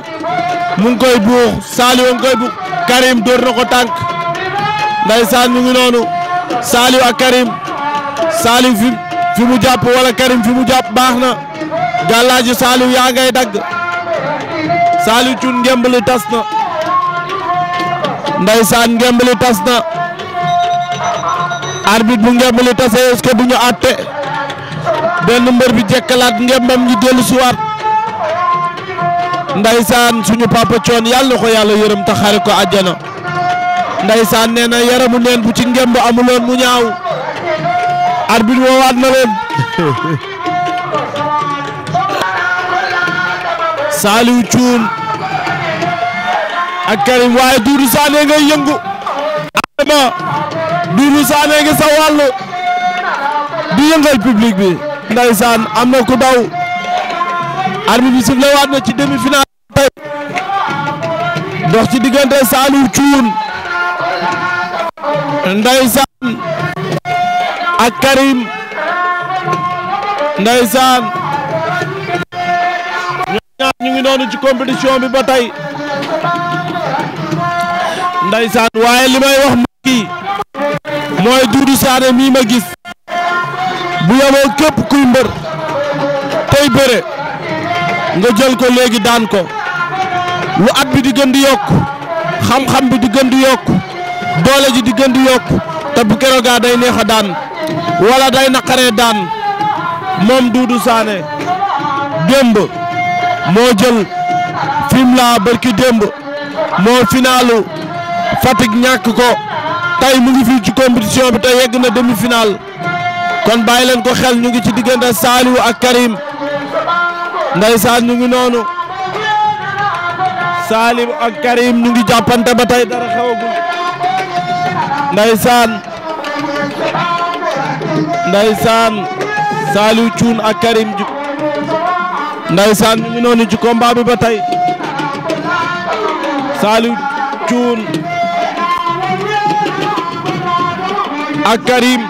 mu ngi koy buux Saliou ngi koy buux Karim dóor na ko tànk ndeysaan mu ngi noonu Saliou ak Karim Saliou fi mu jàpp wala Karim fi mu jàpp baax na gàllaaji Saliou yaa ngay dagg Saliou Thioune ngemb li tas na. ndeysaan ngemb li tas na arbitre bu ngemb li tasee est-ce ñu àtte benn mbër bi jekkalaat ngembam ñu dellu siwaat ndeysaan suñu papa coon yàlla ko yàlla yërëm ta xare ko àjjana ndeysaan nee na yaramu neen bu ci ngemb amuloon mu ñaaw arbitre woowaat na leen Saliou Thioune ak Karim waaye Doudou Sané ngay yëngu Adama Doudou Sané ngi sa wàllu di yëngal public bi ndeysaan am na ku daw armi bi sifle waat na ci demi-finale tey dox ci diggante Saliou Thioune ndeysaan ak Karim ndeysaan ñoom ñaar ñu ngi noonu ci compétition bi ba tey ndaysaan waaye li may wax mbokk mooy Doudou Sané mii ma gis bu yaboo képp kuy mbër tey bëre nga jël ko léegi daan ko lu at bi di gën di yokk xam-xam bi di gën di yokk doole ji di gën di yokk te bu keroogaa day neex a daan wala day naqaree daan moom Doudou Sané démb moo jël fim la barki démb moo finaalu Fatick ñàkk ko tey mu ngi fii ci compétition bi te yegg na demi-finale kon bàyyi leen ko xel ñu ngi ci diggante Saliou ak Karim ndeysaan ñu ngi noonu Saliou ak Karim ñu ngi jàppante ba tey dara xewagul ndeysaan ndeysaan Saliou Thioune ak Karim ndeysaan ñu ngi noonu ci combat bi ba tey Saliou Thioune ak Karim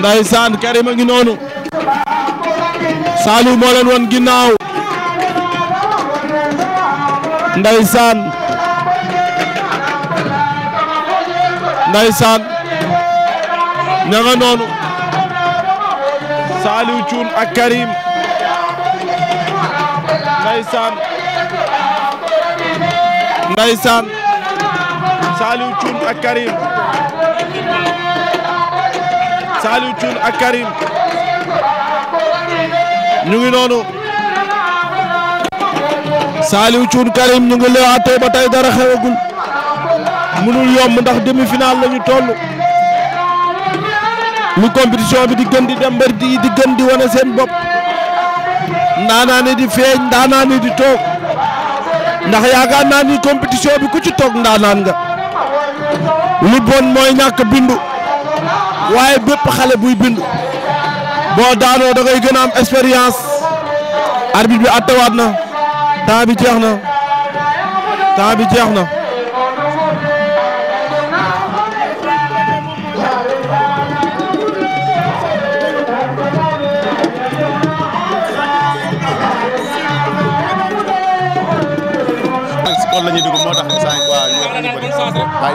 ndaysaan Karim a ngi noonu Saliou moo leen woon ginnaaw ndaysaan ndaysaan ña nga noonu Saliou Thioune ak Karim ndaysaan ndaysaan Saliou Thioune ak Karim ñu ngi noonu Saliou Thioune Karim ñu ngi leewaatoo ba tey dara xewagul mënul yomb ndax demi-finale lañu toll lu compétition bi di gën di dem mbër di di gën di wane seen bopp ndaanaa ne di feeñ ndaanaa ne di toog ndax yaakaar naa ni compétition bi ku ci toog ndaanaan nga lu bon mooy ñàkk bindu waaye bépp xale buy bindu boo daanoo da ngay gën a expérience arbitre bi attewaat na temps bi jeex na temps bi jeex na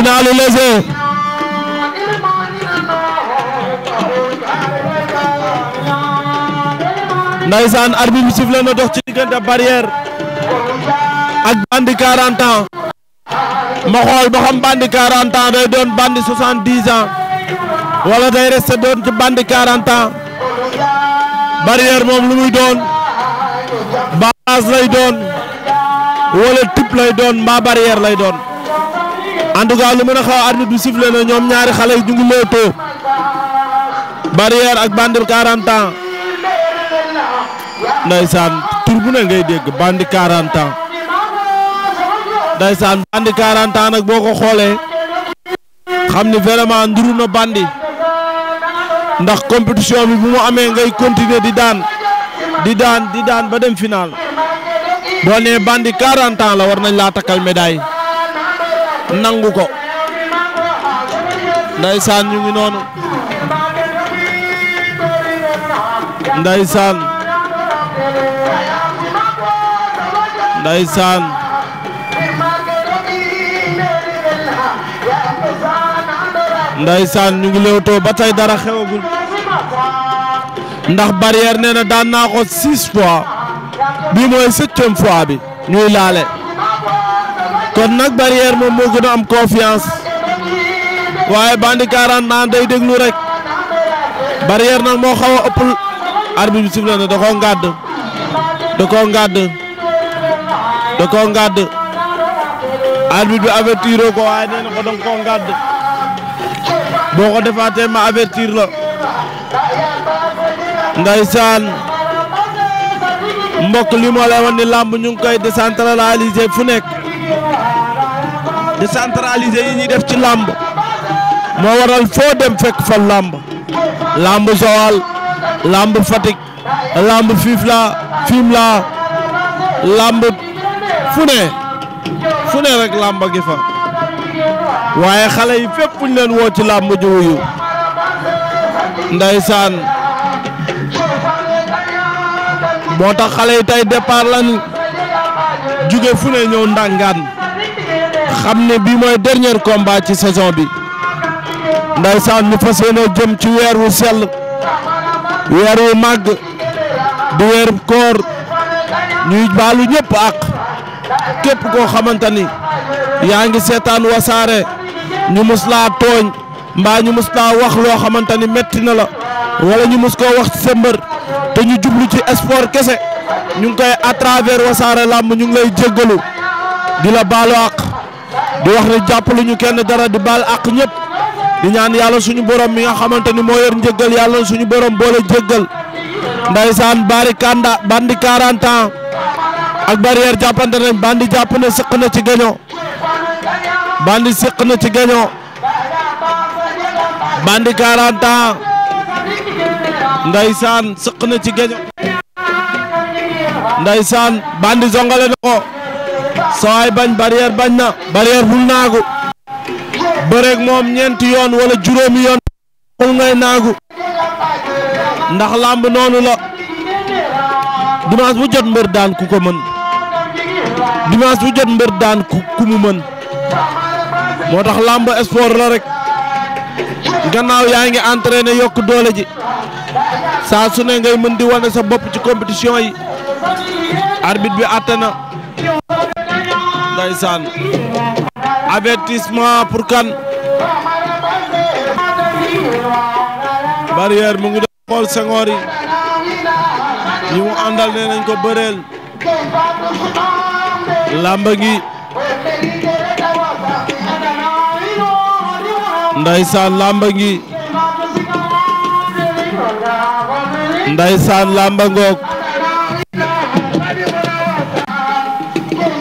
finalu léger ndaysaan arbitre bi sifflé na dox ci diggante barrière ak bandi 40 ans ma xool ba xam bandi 40 day doon bandi 70 ans wala day resté doon ci bandi 40 ans moom lu muy doon base lay doon wala type lay doon mbaa barrière lay doon. en tout cas lu mën a xaw arbitre bi sifflé na ñoom ñaari xale yi ñu ngi leetoo barrière ak bandi 40 ans ndaysaan tur ngay dégg bandi 40 ans ndaysaan bandi nag boo ko xoolee xam ni vraiment nduru na bandi ndax compétition bi bu mu amee ngay continuer di daan di daan di daan ba dem final boo nee bandi 40 ans la war nañ laa takkal médaille. nangu ko ndaysaan ñu ngi noonu ndaysaan ndaysaan ndaysaan ñu ngi léewtoo ba tey dara xewagul ndax barrière nee na daan naa ko fois bi mooy septième fois bi ñuy laale kon nag barrière moom moo gën am confiance waaye bandi 40 day déglu rek barrière nag moo xaw ëpp arbitre bi sifflé na da koo ngàdd da koo ngàdd da bi avertir ko waaye nee ko da nga ngàdd boo ko defaatee ma avertir la ndaysaan mbokk li moo lay wan ni làmb ñu ngi koy décentraliser fu nekk décentralisé yi ñuy def ci làmb moo waral foo dem fekk fa làmb làmb Joal làmb Fatick làmb Fifla Fimela làmb fu ne fu ne rek làmb gi fa waaye xale yi fépp ñu leen woo ci làmb ji wuyu ndeysaan moo tax xale yi tey départ lañu jóge fu ne ñëw ndàngaan xam ne bii mooy dernier combat ci saison bi ndaysaan ñu fas yéene jëm ci weer wu sell weer wu màgg di weer koor ñuy baalu ñëpp ak képp koo xamante ni yaa ngi seetaan wasaare ñu mus laa tooñ mbaa ñu mus laa wax loo xamante ni metti na la wala ñu mus koo wax ci sa mbër te ñu jublu ci sport kese ñu ngi koy à travers wasaare làmb ñu ngi lay jéggalu di la baalu ak di wax jàpp jàppalu ñu kenn dara di baal ak ñëpp di ñaan yàlla suñu borom mi nga xamante ni moo yor njëggal yàlla suñu borom boole jéggal ndaysaan bari kanda bandi 40 ans ak barrière jàppante nañ bandi jàpp na sëq na ci gaño bandi sëq na ci gaño bandi 40 ans ndaysaan sëq na ci gaño ndaysaan bandi zongale na ko sawaay bañ barrière bañ na barrière bul naagu bëreeg moom ñeenti yoon wala juróomi yoon bul ngay naagu ndax làmb noonu la dimanche bu jot mbër daan ku ko mën bu jot mbër daan ku moo tax làmb sport la rek gannaaw yaa ngi entraîné yokk doole ji saa su ne ngay mën di wane sa bopp ci compétition yi arbitre bi àtte na ndeysaan avertissement pour kan barrière mu ngi doon xool sengoor yi ñi mu àndal ne nañ ko bëreel làmba ngi ndeysaan làmba ngi ndeysaan làmba ngoog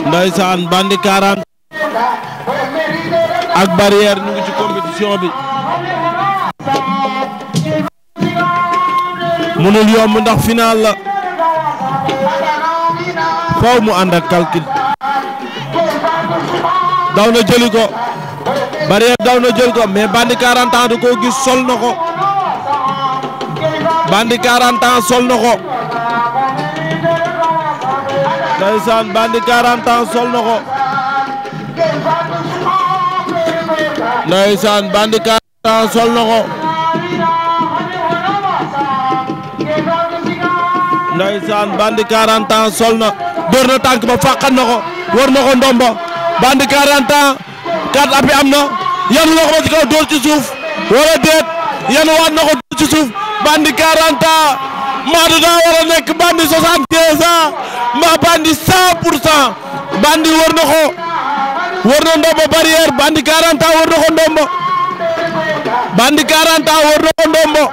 ndeysaan bandi 40 ak barrière ñu ngi ci compétition bi mënul yomb ndax final la faw mu ànd ak calcul daw na jëli ko barrière daw na jël ko mais bandi 40 ans da koo gis sol na ko bandi 40 ans sol na ko ndeysaan bandi 40 ans sol na ko ndeysaan bandi 40 ans sol na ko ndeysaan bandi 40 ans sol na dóor na tànk ba fàqan na ko war na ko ndomba bandi 40 ans kat api am na yan na ko ba ci kaw dóor ci suuf wala déet yan waat na ko dóor ci suuf bandi 40 ans Maodo daa war a bandi 75 ans mbaa bandi 100 pour cent bandi war na ko war bandi 40 ans war bandi 40 ans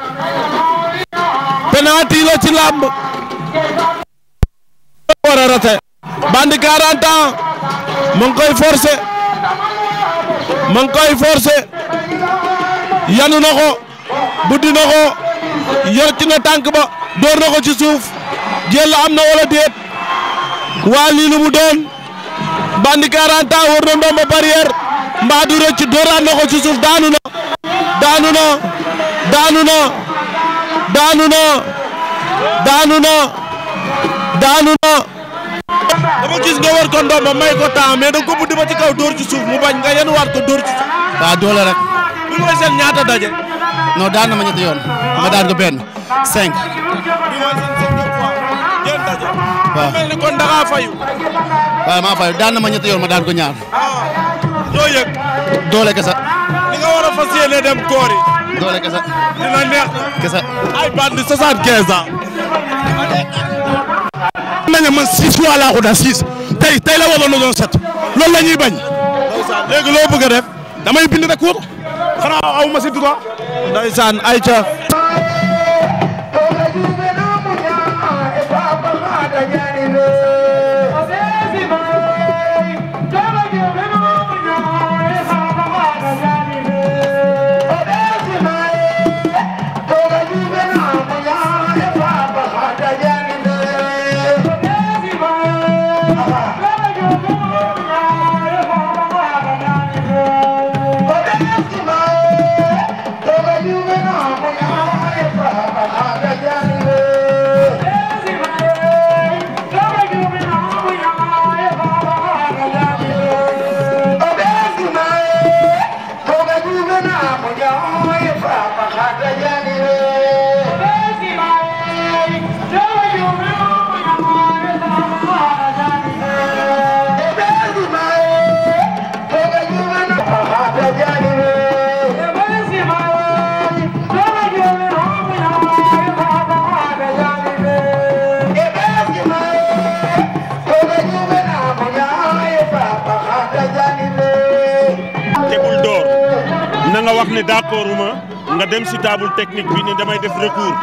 war na ci làmb war rate bandi 40 ans koy forcer mu koy forcer yanu na ko buddi na ko door na ko ci suuf jël am na wala déet waa lii mu doon bandi 40 ans war na ndomba barrière mbaa du na ko ci daanu na daanu na daanu na daanu na daanu na daanu na dama gis nga war ko ndomba may ko temps mais ci kaw dóor ci suuf mu bañ nga yéen war ko dóor ci doole rek. bu ñu seen ñaata daje. non daan na ma ñetti yoon. ma daan ko benn. cinq. waaw mel ni kon da ngaa fayu. waaw maa daan na ma ñetti yoon ma daan ko ñaar. Ah. doole kese. li nga war a fas yéene dem koor doole kese. dina neex kese. ay bandi soixante-quinze ans. nañu man six fois laa na doon set loolu la a aw ma si droit. ndeysaan ayca. ne d'accord ma nga dem si table technique bi ni damay def recours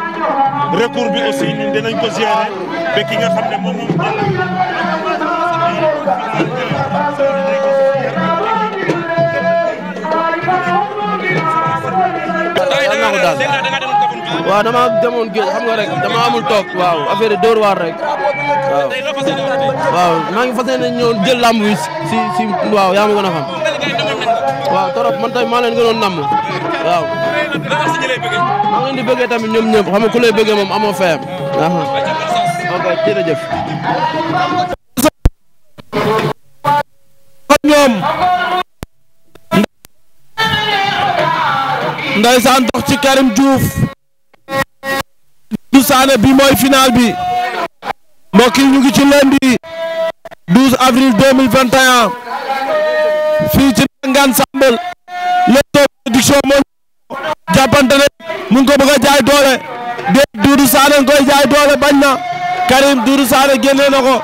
recours bi aussi ñun dinañ ko gérer ba ki nga xam ne moom moom waaw dama xam nga rek dama amul toog waaw affaire dóor waar rek waaw waaw maa ngi jël lamb bi si waaw yaa ma gën a xam waaw trop man tamit maa leen gënoon namm waaw. maa ngi moo di bëggee tamit ñoom ñëpp xam ku lay bëggee moom amoo fayam. ok jërëjëf. ci Karim Diouf. du saane bi mooy final bi. mbokk yi ñu ngi ci lundi 12 avril 2021 fii ci Ngane Sambal Leewtoo production moo ñu jàppante ne mu ko bëgg jaay doole déet Doudou Sané koy jaay doole bañ na Karim Doudou Sané génnee na ko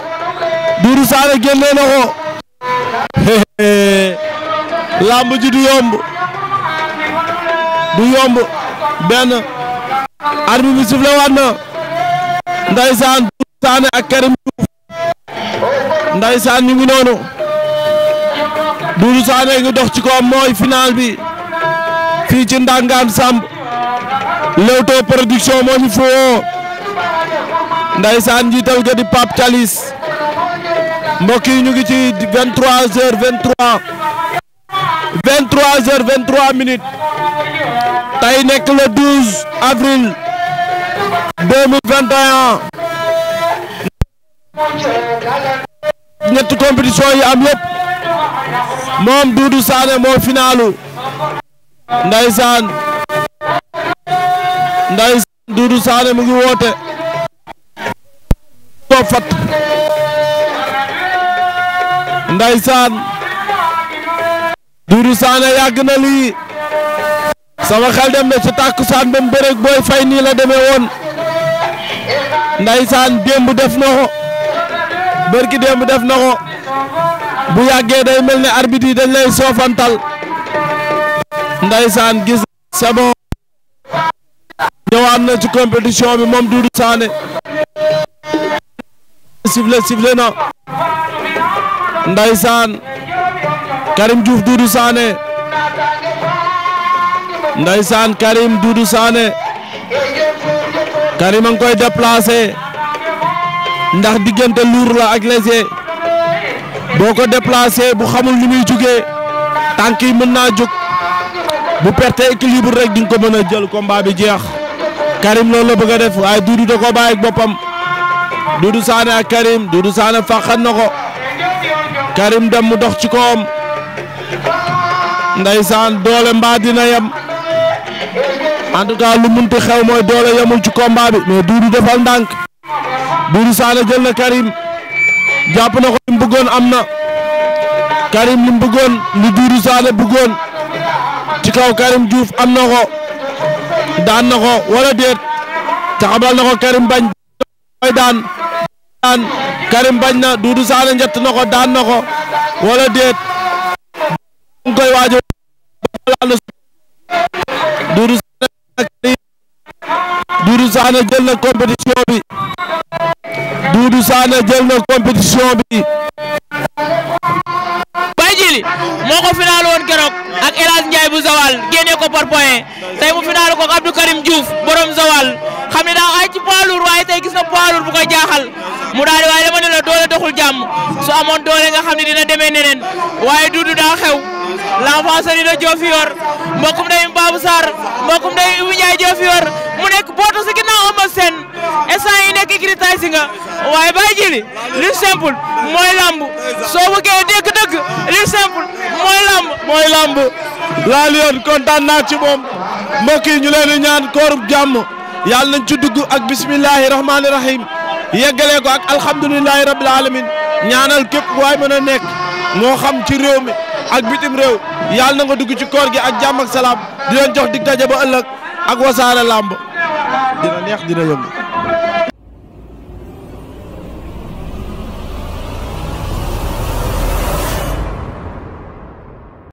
Doudou Sané génnee na ko lamb ji du yomb du yomb benn arbitre bi sifflé waat na ndaysaan Doudou Sané ak Karim Diouf ndaysaan ñu Doudou Sané ngi dox ci ko mooy final bi fii ci Ndangaan Samb Leewtoo production moo ñu fowoo ndaysaan njiital ga di Pape Thialis mbokk yi ñu ngi ci 23h23 23h23 minutes tey nekk le 12 avril 2021 ñetti compétition yi am yëpp. moom Doudou Sané moo finaalu ndaysaan ndaysaan Doudou Sané mu ngi woote to fat ndaysaan Doudou Sané yàgg na lii sama xel dem na ci tàkkusaan ba mu bëreeg booy fay nii la demee woon ndaysaan démb def na ko bërki démb def na ko bu yàggee day mel ne arbitre yi dañ lay soofantal ndaysaan gis c'est bon na ci compétition bi moom Doudou Sané sifflé sifflé na ndaysaan Karim Diouf Doudou Sané ndaysaan Karim Doudou Sané Karim a ngi koy déplacé ndax diggante luur la ak boo ko déplacé bu xamul ni muy jugee tànk yi mën naa jóg bu perte équilibre rek di ko mën a jël combat jeex Karim loolu la bëgg a def waaye Doudou da ko bàyyi boppam Doudou Sané ak Karim Doudou Sané fàqan na ko Karim dem mu dox ci kawam ndeysaan doole mbaa dina yem lu munti xew mooy doole yemul ci combat bi mais defal ndànk Doudou Sané jël na Karim jàpp na ko am na Karim li mu bëggoon lu Doudou Sané bëggoon kaw Karim Diouf am na ko daan na ko wala déet taxabal na ko Karim bañ koy daan daan Karim bañ na Doudou Sané njett na ko daan na ko wala déet mu koy waajo Doudou Sané na compétition bi Doudou Sané jël na compétition bi. Baye Djili moo ko final woon keroog ak El Hadj Ndiaye bu Zawal génnee ko par point tey mu final ko ak Abdou Karim Diouf borom Zawal xam ne daa ay ci waaye tey gis na poids bu koy jaaxal mu daal waaye dama ne la doole doxul jàmm su amoon doole nga xam ne dina demee neneen waaye Doudou daa xew l'enfant sori na Diofior mbokkum ndeyum Babou Sarr mbokkum ndeyum Ibu Ndiaye Diofior mu nekk booto si ginnaaw Eumeu Sène instant yi nekk écrit si nga waaye bàyyi jëli li simple mooy lamb soo bëggee dëgg-dëgg li simple mooy mooy lamb laa liyoon kontaan naa ci moom mbokk yi ñu leen ñaan koorub jàmm yàlla nañ ci dugg ak bismillahi rahmaani rahim yeggalee ko ak alhamdulilahi rabbil alamin ñaanal képp waay mën a nekk moo xam ci réew mi ak bitim réew yàlla na nga dugg ci koor gi ak jàmm ak salaam di leen jox dig daje ba ëllëg ak wasaare lamb dina neex dina yomb